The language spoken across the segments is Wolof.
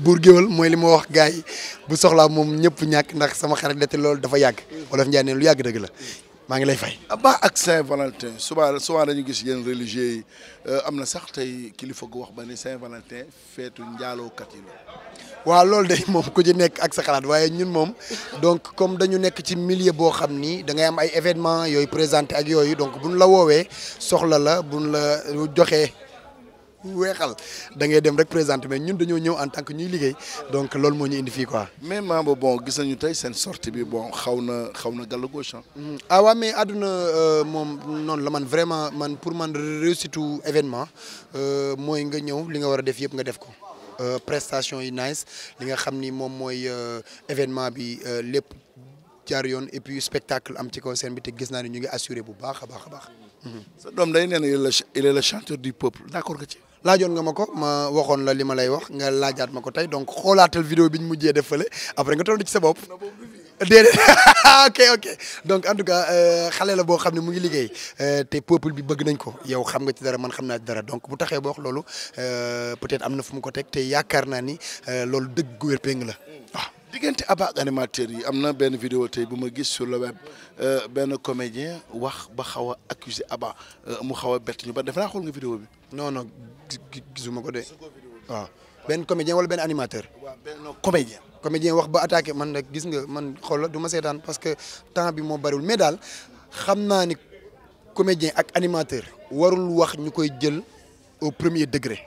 buur géwal mooy li ma wax gars yi bu soxla moom ñëpp ñàkk ndax sama xarit la te loolu dafa yàgg wolof Njaay ne lu yàgg dëgg la maa ngi lay fay. Abba ak Saint-Valentin souvent souvent dañu gis yenn religieux yi euh, am na sax tey kilifa gu wax ba ni Saint-Valentin feetu njaalookat yi la. waaw loolu de moom ku ci nekk ak sa xalaat waaye ñun moom donc comme dañu nekk ci millier boo xam ni da am ay événements yooyu présenté ak yooyu donc bu buñ la woowee soxla la buñ la joxee. wéxal da ngay dem rek présenter mais ñun dañoo ñëw en tant que ñuy liggéey donc loolu moo ñu indi fii quoi. mais Mamba bon gis nañu tey seen sortie bi bon xaw na xaw na gàll gauche hein. mm-hmm. ah. waaw mais aduna euh, moom noonu la man vraiment man pour man réussite événement euh, mooy nga ñëw li nga war a def yëpp nga def ko. Euh, prestation yi nice li nga xam ni moom mooy événement bi lépp jaar yoon et puis spectacle am ci kaw seen bi te gis naa ne ñu ngi assuré bu baax a baax a baax. Mm-hmm. sa doom day nee il est le chanteur du peuple d'accord nga ci. laajoon nga ma ko ma waxoon la li ma lay wax nga laajaat ma ko tey donc xoolaatal vidéo bi ñu mujjee def fële après nga tontu ci sa bopp. déedéet ok ok donc en tout cas euh, xale la boo xam ne mu ngi liggéey euh, te peuple bi bëgg nañ ko yow xam nga ci dara man xam naa dara donc bu taxee boo wax loolu euh, peut-être am na fu mu ko teg te yaakaar naa ni loolu dëgg gu wér la. diggante Abba animateur animateurs yi am na benn vidéo tey bu gis sur le web ben comédien wax ba xawa accuser accusé Abba euh, mu xawa a ñu ba def na xol nga vidéo bi. non non gisuma ko dé waaw ben comédien wala ben animateur. ben comédien. comédien wax ba attaquer man nak gis nga man xol du ma seetaan parce que temps bi mo bariwul mais dal xamna ni comédien ak animateur warul wax ñukoy jël au premier degré.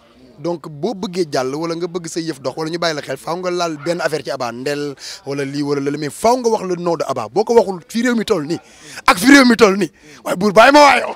donc boo bëggee jàll wala nga bëgg sa yëf dox wala ñu bàyyi la xel faaw nga laal benn affaire ci Aba ndel wala lii wala lële mais nga wax la nom de Aba boo ko waxul fi réew mi toll ni ak fi réew mi toll ni waaye buur baay ma waayo